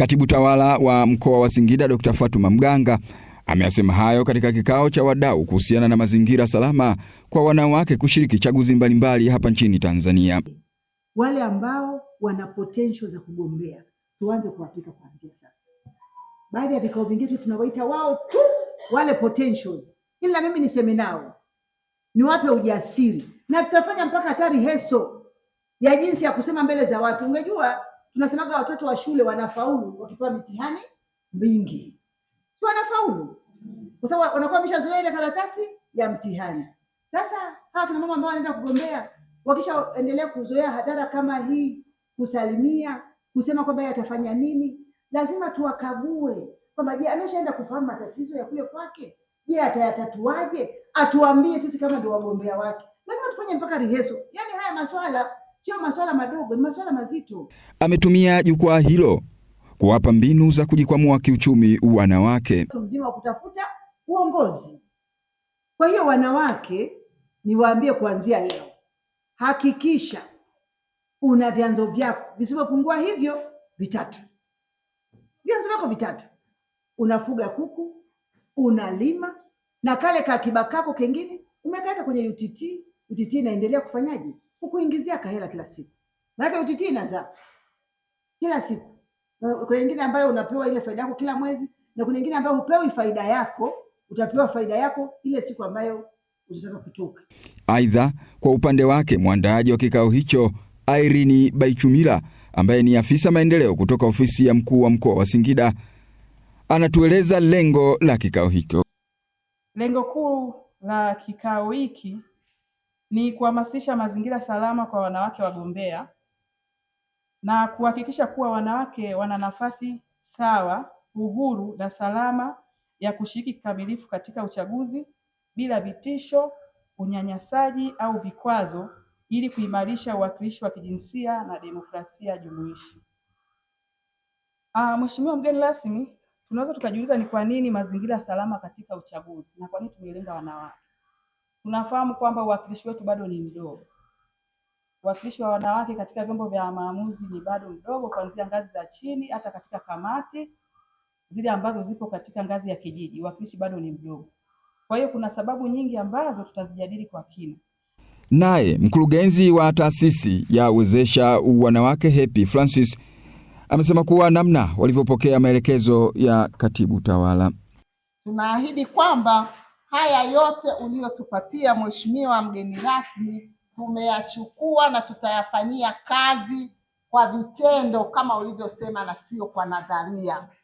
Katibu tawala wa mkoa wa Singida Dr. Fatuma Mganga ameyasema hayo katika kikao cha wadau kuhusiana na mazingira salama kwa wanawake kushiriki chaguzi mbalimbali hapa nchini Tanzania. Wale ambao wana potential za kugombea tuanze kuwapika kuanzia sasa. Baadhi ya vikao vingine tunawaita wao tu wale potentials, ili na mimi niseme nao, niwape ujasiri, na tutafanya mpaka hatari heso ya jinsi ya kusema mbele za watu. Ungejua tunasemaga watoto wa shule wanafaulu wakipewa mitihani mingi, si wanafaulu? Kwa sababu wanakuwa wameshazoea ile karatasi ya mtihani. Sasa hawa kina mama ambao wanaenda kugombea wakishaendelea kuzoea hadhara kama hii, kusalimia, kusema kwamba yeye atafanya nini, lazima tuwakague kwamba, je, ameshaenda kufahamu matatizo ya kule kwake? Je, atayatatuaje? Atuambie sisi kama ndio wagombea wake. Lazima tufanye mpaka riheso, yani haya maswala sio masuala madogo, ni masuala mazito. Ametumia jukwaa hilo kuwapa mbinu za kujikwamua kiuchumi wanawake mzima wa kutafuta uongozi. Kwa hiyo wanawake, niwaambie kuanzia leo, hakikisha una vyanzo vyako visivyopungua hivyo vitatu, vyanzo vyako vitatu: unafuga kuku, unalima na kale ka kako kengine umekaweka kwenye UTT. UTT inaendelea kufanyaje? kukuingizia kahela kila siku, maanake UTT inazaa kila siku. Kuna nyingine ambayo unapewa ile faida yako kila mwezi, na kuna nyingine ambayo hupewi faida yako, utapewa faida yako ile siku ambayo utataka kutoka. Aidha, kwa upande wake mwandaaji wa kikao hicho Irene Baichumila ambaye ni afisa maendeleo kutoka ofisi ya mkuu wa mkoa wa Singida anatueleza lengo la kikao hicho. Lengo kuu la kikao hiki ni kuhamasisha mazingira salama kwa wanawake wagombea na kuhakikisha kuwa wanawake wana nafasi sawa, uhuru na salama ya kushiriki kikamilifu katika uchaguzi bila vitisho, unyanyasaji au vikwazo ili kuimarisha uwakilishi wa kijinsia na demokrasia jumuishi. Ah, Mheshimiwa mgeni rasmi, tunaweza tukajiuliza ni kwa nini mazingira salama katika uchaguzi na kwa nini tumelenga wanawake? Tunafahamu kwamba uwakilishi wetu bado ni mdogo. Uwakilishi wa wanawake katika vyombo vya maamuzi ni bado mdogo, kuanzia ngazi za chini hata katika kamati zile ambazo zipo katika ngazi ya kijiji, uwakilishi bado ni mdogo. Kwa hiyo kuna sababu nyingi ambazo tutazijadili kwa kina. Naye mkurugenzi wa taasisi ya uwezesha wanawake Happy Francis amesema kuwa namna walivyopokea maelekezo ya katibu tawala, tunaahidi kwamba Haya yote uliyotupatia Mheshimiwa mgeni rasmi, tumeyachukua na tutayafanyia kazi kwa vitendo kama ulivyosema, na sio kwa nadharia.